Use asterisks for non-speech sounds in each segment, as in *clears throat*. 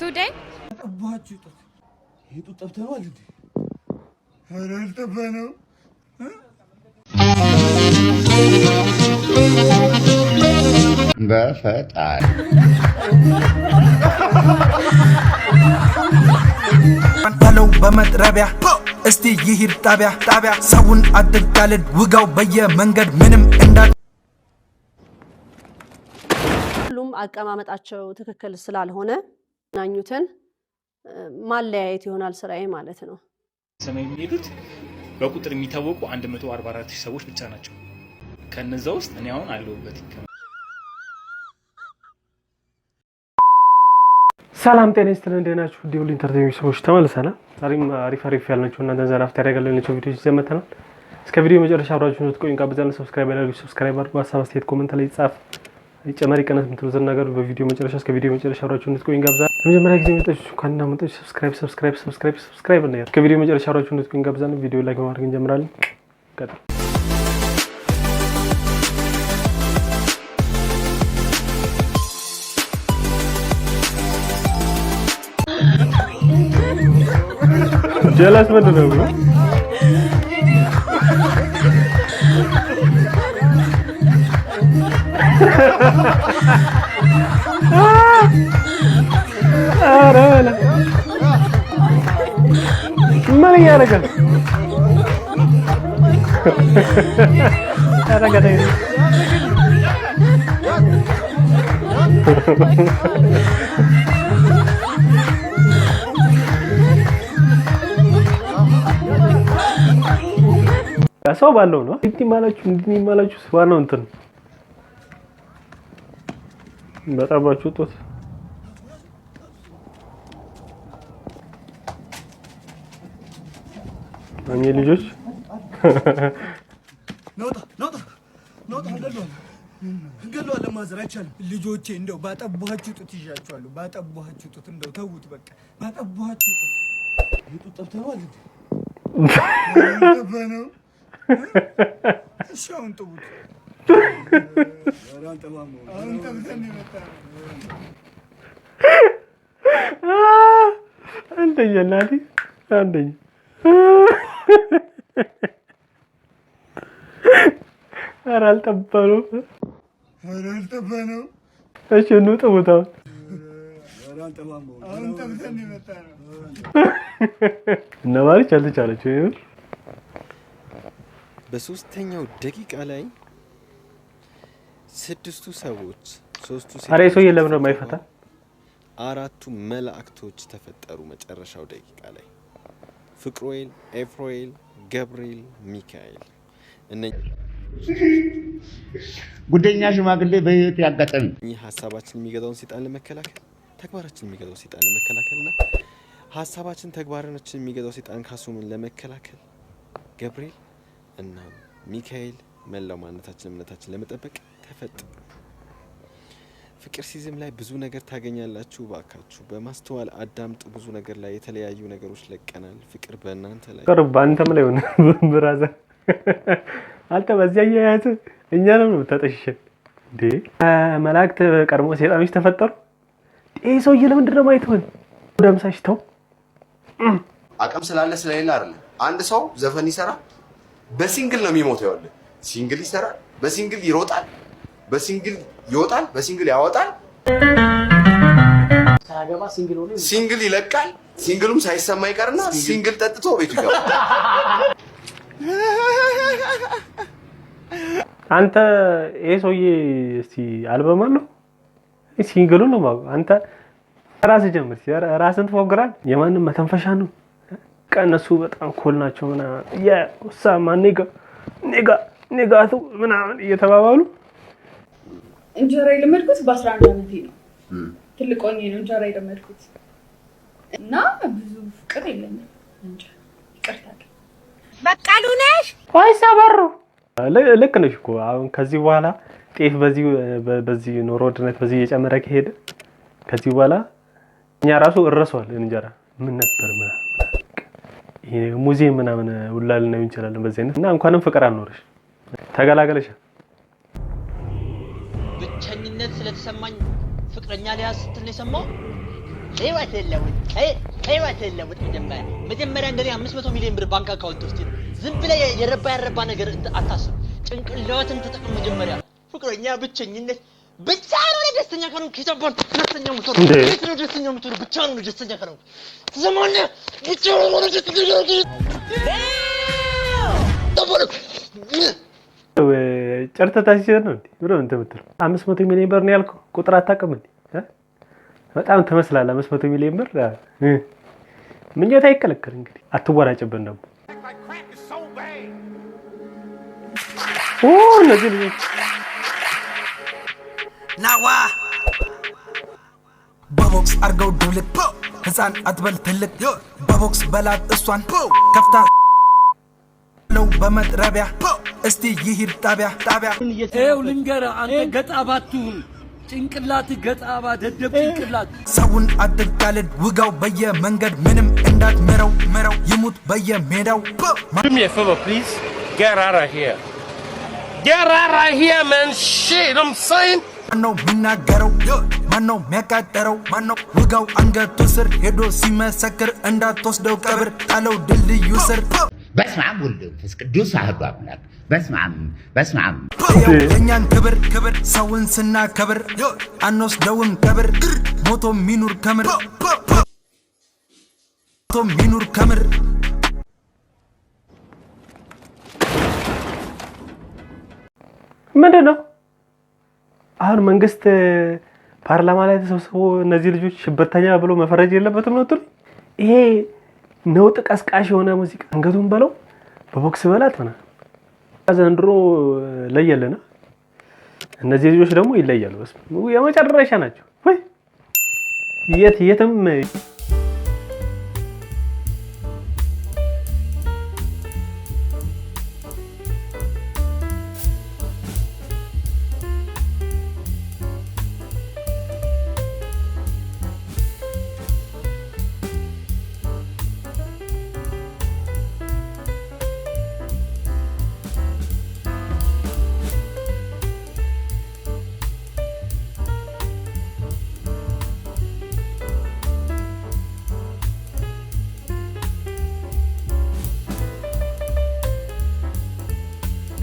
ቱዴይ ጠባችሁ ጡት ይሄ ጡት ጠብተነዋል እንዴ? ኧረ አልጠባነው። በፈጣሪ ለው በመጥረቢያ እስቲ ይሂድ ጣቢያ ጣቢያ ሰውን አትጋለድ ውጋው በየመንገድ ምንም እንዳ ሁሉም አቀማመጣቸው ትክክል ስላልሆነ ናኙትን ማለያየት ይሆናል ስራዬ ማለት ነው። ሰማይ የሚሄዱት በቁጥር የሚታወቁ 144 ሺህ ሰዎች ብቻ ናቸው። ከነዛ ውስጥ እኔ አሁን አለሁበት። ሰላም ጤና ይስጥልን፣ እንዴት ናችሁ? ዲውል ኢንተርቴንመንት ሰዎች ተመልሰናል። ዛሬም አሪፍ አሪፍ ያልናቸው እናንተ ዘራፍ ታደርጋለሁ ያልናችሁ ቪዲዮዎች ይዘን መጥተናል። እስከ ቪዲዮ መጨረሻ አብራችሁን ልትቆዩ እንጋብዛለን። ሰብስክራይብ ያደርጉ፣ ሰብስክራይብ አድርጉ። ሀሳብ አስተያየት ኮመንት ላይ ጻፉ። ይጨመር ይቀነስ የምትሉትን ነገር በቪዲዮ መጨረሻ እስከ ቪዲዮ መጨረሻ አብራችሁን ልትቆዩ እንጋብዛለን። Jangan meragukan kita, Subscribe, Subscribe, Subscribe, Subscribe ምን እያደረገ ሰው ባለው ነው። እንዲህ ማላችሁ እንዲህ ማላችሁ ዋናው እንትን በጣባችሁ ጡት እኔ ልጆች እንገለዋለን። ማዘር አይቻልም። ልጆቼ እንደው ባጠባችሁ ጡት ይዣችኋለሁ። ባጠባችሁ ጡት እንደው ተዉት፣ በቃ ባጠባችሁ ጡት አንደኛ እናቴ አንደኛ ኧረ አልጠባነውም፣ ኧረ አልጠባነውም። እሺ እንውጣ ቦታውን እና አልተቻለች። በሶስተኛው ደቂቃ ላይ ስድስቱ ሰዎች ሶስቱ ኧረ ሰውዬ ለምን ነው አራቱ መላእክቶች ተፈጠሩ መጨረሻው ደቂቃ ላይ ፍቅሮኤል፣ ኤፍሮኤል፣ ገብርኤል፣ ሚካኤል እነ ጉደኛ ሽማግሌ በህይወት ያጋጠሚ ይህ ሀሳባችን የሚገዛውን ሴጣን ለመከላከል ተግባራችን የሚገዛው ሴጣን ለመከላከል እና ሀሳባችን ተግባራችን የሚገዛው ሴጣን ካሱምን ለመከላከል ገብርኤል እና ሚካኤል መላው ማንነታችን እምነታችን ለመጠበቅ ተፈጥ ፍቅር ሲዝም ላይ ብዙ ነገር ታገኛላችሁ። ባካችሁ በማስተዋል አዳምጡ። ብዙ ነገር ላይ የተለያዩ ነገሮች ለቀናል። ፍቅር በእናንተ ላይ ቀሩ በአንተም ላይ ሆነ *laughs* ብራዘ አንተ በዚያ እያያት እኛ ነው ነው ተጠሽሸን እንዴ መላእክት ቀድሞ ሴጣኖች ተፈጠሩ። ይህ ሰውዬ ለምንድን ነው ማየት ሆን ደምሳሽ ተው አቅም ስላለ ስለሌላ አለ። አንድ ሰው ዘፈን ይሰራ በሲንግል ነው የሚሞተው። ያለ ሲንግል ይሰራል፣ በሲንግል ይሮጣል በሲንግል ይወጣል፣ በሲንግል ያወጣል፣ ሲንግል ይለቃል፣ ሲንግሉም ሳይሰማ ይቀርና ሲንግል ጠጥቶ ቤቱ ይገባል። *laughs* አንተ ይሄ ሰውዬ እስቲ አልበም አለው ሲንግሉ ነው ማለት አንተ ራስ ጀምር፣ ራስን ትፎግራል። የማንም መተንፈሻ ነው። ቀነሱ በጣም ኮል ናቸው ምናምን ያ ኡሳማ ኔጋ ኔጋቱ ምናምን እየተባባሉ እንጀራ የለመድኩት በአስራ አንድ ዓመቴ ነው። ትልቅ ሆኜ ነው እንጀራ የለመድኩት እና ብዙ ፍቅር የለኝም። ይቅርታ። በቃሉ ነሽ ወይ ሰበሩ? ልክ ነሽ እኮ አሁን ከዚህ በኋላ ጤፍ በዚህ በዚህ ኑሮ ውድነት በዚህ እየጨመረ ከሄደ ከዚህ በኋላ እኛ ራሱ እረሷል እንጀራ ምን ነበር ሙዚየም ምናምን ውላልና እንችላለን በዚህ አይነት እና እንኳንም ፍቅር አልኖርሽ ተገላገለሻል። ብቸኝነት ስለተሰማኝ ፍቅረኛ ሊያዝ ስትል ነው የሰማው። ህይወት የለውጥ ህይወት የለውጥ መጀመሪያ መጀመሪያ እንደ አምስት መቶ ሚሊዮን ብር ባንክ አካውንት ውስጥ ዝም ብለህ የረባ ያረባ ነገር አታስብ። ጭንቅላትን ተጠቅም። መጀመሪያ ፍቅረኛ፣ ብቸኝነት ብቻ ነው ደስተኛ ከነው ከኢትዮጵያ ደስተኛ ምትሆን ቤት ነው ደስተኛ ምትሆን ብቻ ነው ደስተኛ ከነው ዘማነ ብቻ ነው ደስተኛ ከሆነ ጨርተታ ሲሆን ነው እንዴ ብሎ እንትን የምትለው አምስት መቶ ሚሊዮን ብር ነው ያልኩ ቁጥር አታውቅም እንዴ? በጣም ትመስላለህ። አምስት መቶ ሚሊዮን ብር ምኞት አይከለከል እንግዲህ አትወራጭብን ደግሞ እነዚህ ልጆች ናዋ በቦክስ አርገው ድብልቅ ህፃን አትበል ትልቅ በቦክስ በላት እሷን ከፍታ ነው በመጥረቢያ እስቲ ይሂድ ጣቢያ ጣቢያ ይኸው ልንገረ አንተ ገጣባትሁን ጭንቅላት ገጣባ ደደብ ጭንቅላት ሰውን አትጋለድ ውጋው በየመንገድ ምንም እንዳት ምረው ምረው ይሙት በየሜዳው ማነው የሚናገረው? ማነው የሚያቃጠረው? ማነው ውጋው አንገቱ ስር ሄዶ ሲመሰክር እንዳትወስደው ቀብር ጣለው ድልድዩ ስር በስመ አብ ወልድ መንፈስ ቅዱስ አህዱ አምላክ በስመ አብ በስመ አብ። የእኛን ክብር ክብር ሰውን ስናከብር አንወስደውም ከብር ሞቶ ሚኑር ከምር ሞቶ ሚኑር ከምር ምንድን ነው አሁን መንግስት ፓርላማ ላይ ተሰብስቦ እነዚህ ልጆች ሽብርተኛ ብሎ መፈረጅ የለበትም ነው ትሉ ይሄ ነውጥ ቀስቃሽ የሆነ ሙዚቃ አንገቱን በለው በቦክስ በላት ሆነ ዘንድሮ ለየልና እነዚህ ልጆች ደግሞ ይለያሉ። የመጨረሻ ናቸው ወይ የት የትም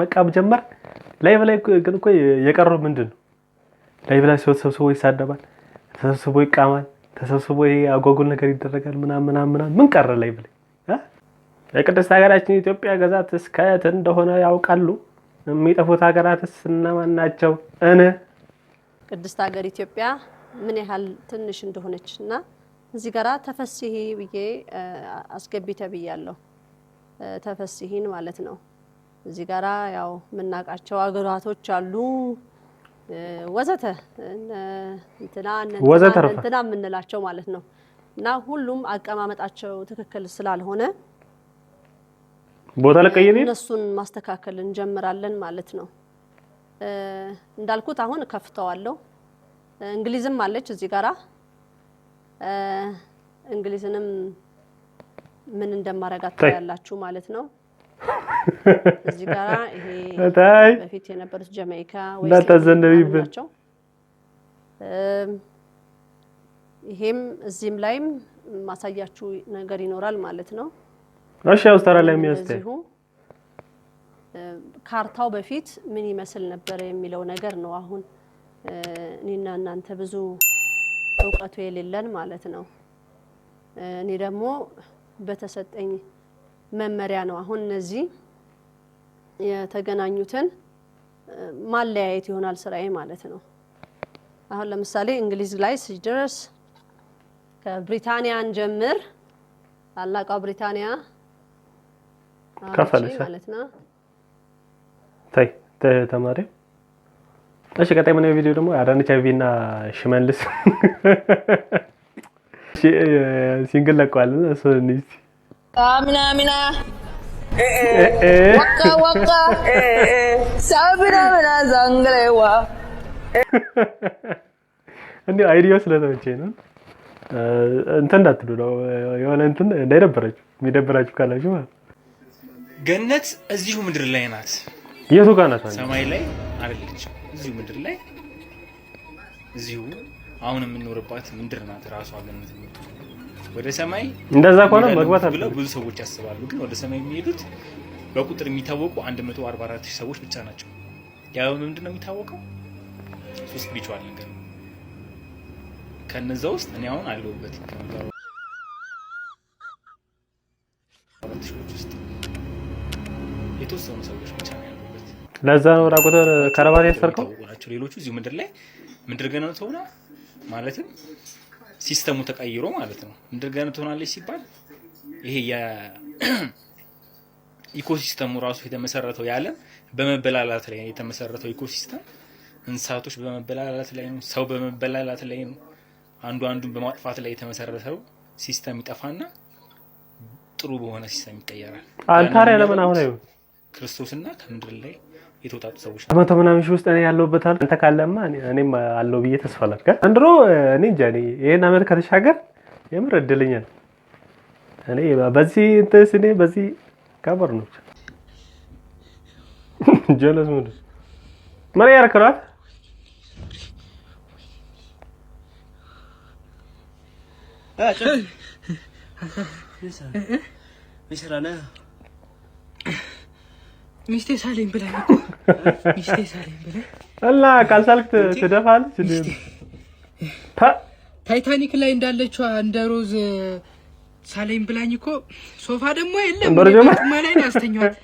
መቃብ ጀመር። ላይ ላይ ግን እኮ የቀረው ምንድን ነው? ላይቭ ላይ ሰው ተሰብስቦ ይሳደባል፣ ተሰብስቦ ይቃማል፣ ተሰብስቦ ይሄ አጓጉል ነገር ይደረጋል ምናም ምናም ምናምን። ምን ቀረ ላይቭ ላይ? የቅድስት ሀገራችን ኢትዮጵያ ግዛትስ ከየት እንደሆነ ያውቃሉ? የሚጠፉት ሀገራትስ እነማን ናቸው? እን ቅድስት ሀገር ኢትዮጵያ ምን ያህል ትንሽ እንደሆነች እና እዚህ ጋራ ተፈሲሂ ብዬ አስገቢ ተብያለሁ። ተፈሲሂን ማለት ነው እዚህ ጋራ ያው የምናውቃቸው አገራቶች አሉ ወዘተ እንትና እንትና የምንላቸው ማለት ነው። እና ሁሉም አቀማመጣቸው ትክክል ስላልሆነ ቦታ ለቀየኔ እነሱን ማስተካከል እንጀምራለን ማለት ነው። እንዳልኩት አሁን ከፍተዋለሁ። እንግሊዝም አለች እዚህ ጋራ እንግሊዝንም ምን እንደማረጋት ያላችሁ ማለት ነው። *laughs* እዚህ ጋራ ይሄ በፊት የነበሩት ጀማይካ እንዳታዘነቢብን ናቸው። ይሄም እዚህም ላይም ማሳያችሁ ነገር ይኖራል ማለት ነው። እሺ አውስትራሊያ የሚያስተይ ካርታው በፊት ምን ይመስል ነበር የሚለው ነገር ነው። አሁን እኔና እናንተ ብዙ እውቀቱ የሌለን ማለት ነው። እኔ ደግሞ በተሰጠኝ መመሪያ ነው። አሁን እነዚህ የተገናኙትን ማለያየት ይሆናል ስራዬ ማለት ነው። አሁን ለምሳሌ እንግሊዝ ላይ ሲደርስ ከብሪታንያን ጀምር ታላቋ ብሪታንያ ከፈለሽ ማለት ነው። ታይ ተማሪ እሺ፣ ቀጣይ ምን ቪዲዮ ደግሞ አዳነች አቤቤና ሽመልስ ሲንግል ለቀዋል። እሱ Amina amina. Waka waka. ሳቢና ምና ዛንግሬዋ እንዲህ አይዲዮ ስለተመቸኝ ነው። uh, እንትን እንዳትሉ ነው የሆነ እንትን እንዳይደበራችሁ የሚደበራችሁ ካላችሁ ገነት እዚሁ ምድር ላይ ናት። የቱ ጋር ናት? ሰማይ ላይ አይደለች፣ እዚሁ ምድር ላይ እዚሁ አሁን የምንኖርባት ምድር ናት ራሷ ገነት የምትሆ ወደ ሰማይ እንደዛ ከሆነ መግባት ብለው ብዙ ሰዎች ያስባሉ። ግን ወደ ሰማይ የሚሄዱት በቁጥር የሚታወቁ 144 ሺህ ሰዎች ብቻ ናቸው። ያው ምንድን ነው የሚታወቀው ሶስት ስፒሪቹዋል ነገር ነው። ከነዛ ውስጥ እኔ አሁን አለሁበት ውስጥ የተወሰኑ ሰዎች ብቻ ነው ያሉበት። ለዛ ነው ራቁት ከረባት ያሰርከው ናቸው። ሌሎቹ እዚሁ ምድር ላይ ምድር ገነት ሰውና ማለትም ሲስተሙ ተቀይሮ ማለት ነው። ምድር ገነት ትሆናለች ሲባል ይሄ የኢኮሲስተሙ *clears throat* ራሱ የተመሰረተው የዓለም በመበላላት ላይ የተመሰረተው ኢኮሲስተም እንስሳቶች በመበላላት ላይ ነው። ሰው በመበላላት ላይ ነው። አንዱ አንዱን በማጥፋት ላይ የተመሰረተው ሲስተም ይጠፋና ጥሩ በሆነ ሲስተም ይቀየራል። አንታሪያ ለምን አሁን ክርስቶስና ከምድር ላይ የተወጣጡ ሰዎች ነው። መቶ ምናምን ሺህ ውስጥ እኔ ያለሁበት አለ። አንተ ካለማ እኔም አለው ብዬ ተስፋ ላድርግ። ዘንድሮ እኔ እንጃ ይህን አመት ከተሻገር የምር እድለኛ እኔ በዚህ እንትስ እኔ በዚህ ከበር ነው ጀለስ ሙድ ምን ያርከራት እ ሚስቴ ሳለኝ ብላኝ ሚስቴ ሳለኝ ብላኝ እና ካልሳልክ ትደፋለች። ታይታኒክ ላይ እንዳለችው እንደ ሮዝ ሳለኝ ብላኝ እኮ ሶፋ ደግሞ የለም ላይ ያስተኛዋል።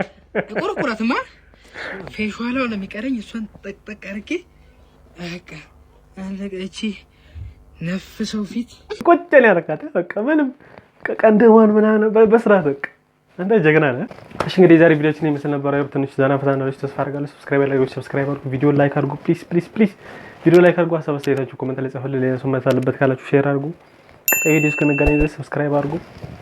ቁርቁረትማ ፌሽዋላው ለሚቀረኝ እሷን ጠቅጠቅ አድርጌ እቺ ነፍሰው ፊት ቁጭ ነው በቃ ምንም ቀንድዋን ምናምን በስርዓት በቃ አንተ ጀግና ነህ። እሺ እንግዲህ የዛሬ ቪዲዮችን የሚመስል ነበር። ያው ትንሽ ዘና ፈታ እንዳለች ተስፋ አደርጋለሁ። ሰብስክራይብ ያላደረጋችሁ ሰብስክራይብ አድርጉ፣ ቪዲዮ ላይክ አድርጉ። ፕሊዝ ፕሊዝ ፕሊዝ ቪዲዮ ላይክ አድርጉ። ሀሳብ አስተያየታችሁ ኮመንት ላይ ጻፉልኝ። ሌላ ሰው መታለበት ካላችሁ ሼር አድርጉ። ቀይ ቪዲዮ እስከምንገናኝ ድረስ ሰብስክራይብ አድርጉ።